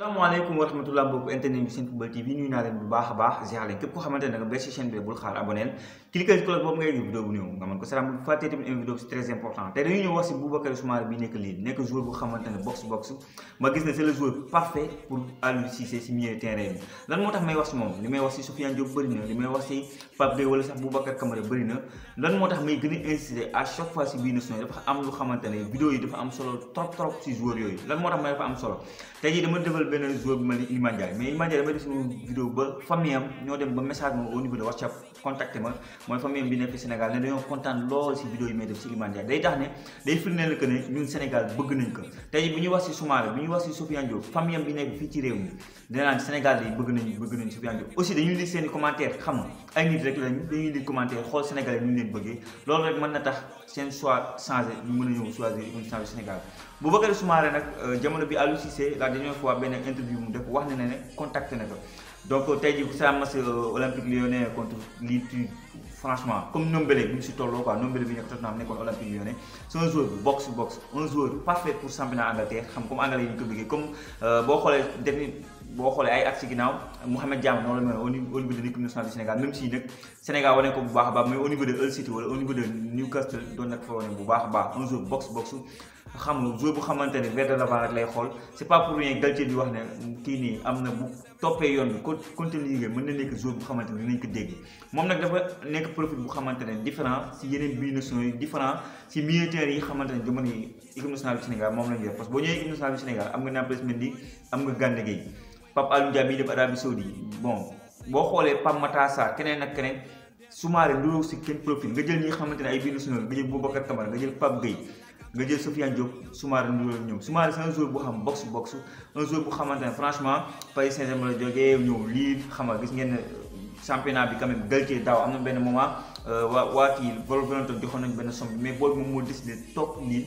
salaamaaleykum wa rahmatullah mbokk internet bi seen football TV nuyu naa leen bu baax a baax ziar leen képp koo xamante ne danga bees ci bu ñëw nga mën ko salaam bu fàttee tamit une vidéo bu xamante box box ma gis ne c'est le na li moo tax may gën a insister à chaque fois ci biir national dafa am lu xamante ne yi dafa am solo trop trop ci joueur yooyu lan moo tax may dafa am solo tey jii dama benn joueur bu mel ni Iliman Ndiaye mais Iliman Ndiaye dama def suñu vidéo ba famille am ñoo dem ma au niveau de bu ñuy wax si i commentaire xam nga a nag euh, jamono bi Aliou Cissé la dernière fois benn benn interview mu def wax na ne ne contacté na ko donc tey jii sa match olympique lyonnais contre lii franchement comme nombele bi mu si tolloo quoi nombele bi nekk Tottenham nekkoon olympique lyonnais c'est un joueur box box un joueur parfait pour championnat Angleterre xam comme anglais yi ñu ko bëggee comme euh, boo xoolee dernier boo xoolee ay at ci ginnaaw Mouhamed noonu la mel au de l'équipe nationale Sénégal même si nag Sénégal wane ko bu baax a baax mais au de Hull City wala au de Newcastle doon nag fa bu baax a baax un jour box box xam nga jour bu xamante ne vers de di kii nii am na bu toppee yoon bi continue liggéey mën na nekk xamante ne dinañ ko dégg moom nag dafa nekk profil bu xamante ne différent si yeneen biir nationaux yi différent si militaires yi xamante ne jamono yi équipe nationale du Sénégal moom lañu yor parce que boo Pape Alioune Dia miy dem Arabie Saoudi bon boo xoolee Pape Matar Sarr keneen ak keneen Soumaré nduroo si kenn profil nga jël ñi nga xamante ne ay biir national nga jël Boubacar Kamara nga jël Pape Gueye nga jël Sofiane Diop Soumaré nduroo ñoom Soumaré c'est un joueur bu xam box box un joueur bu xamante ne franchement Paris Saint-Germain la jógee ñëw lii xam nga gis ngeen championnat bi quand même galtee daaw am na benn moment euh, waa waa kii Wolverhampton joxoon nañ benn somme mais boobu moom moo décidé toog nii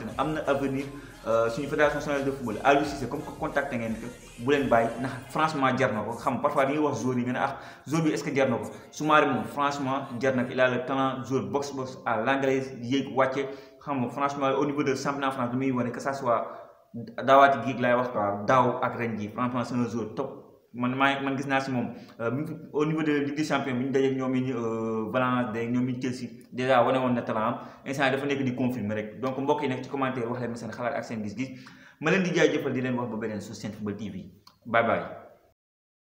xamante ne am na euh, fédération nationale de football c'est comme que ko bu franchement parfois dañuy wax yi ne ah, est ce que franchement jar il a le talent joueur box à l'anglaise yéeg wàcce franchement au niveau de championnat France ça soit gig laay wax ak franchement top man maa man gis naa si moom euh, au niveau de Ligue des champions bi ñu dajeeg ñoom yi euh, Valence day ñoom yi Chelsea dèjà wane woon na talent am instant dafa nekk di confirmer rek donc mbokk yi nekk ci commentaire wax leen seen xalaat ak seen gis-gis ma leen di jaajëfal di leen wax ba beneen sur Senfootball TV bye bye.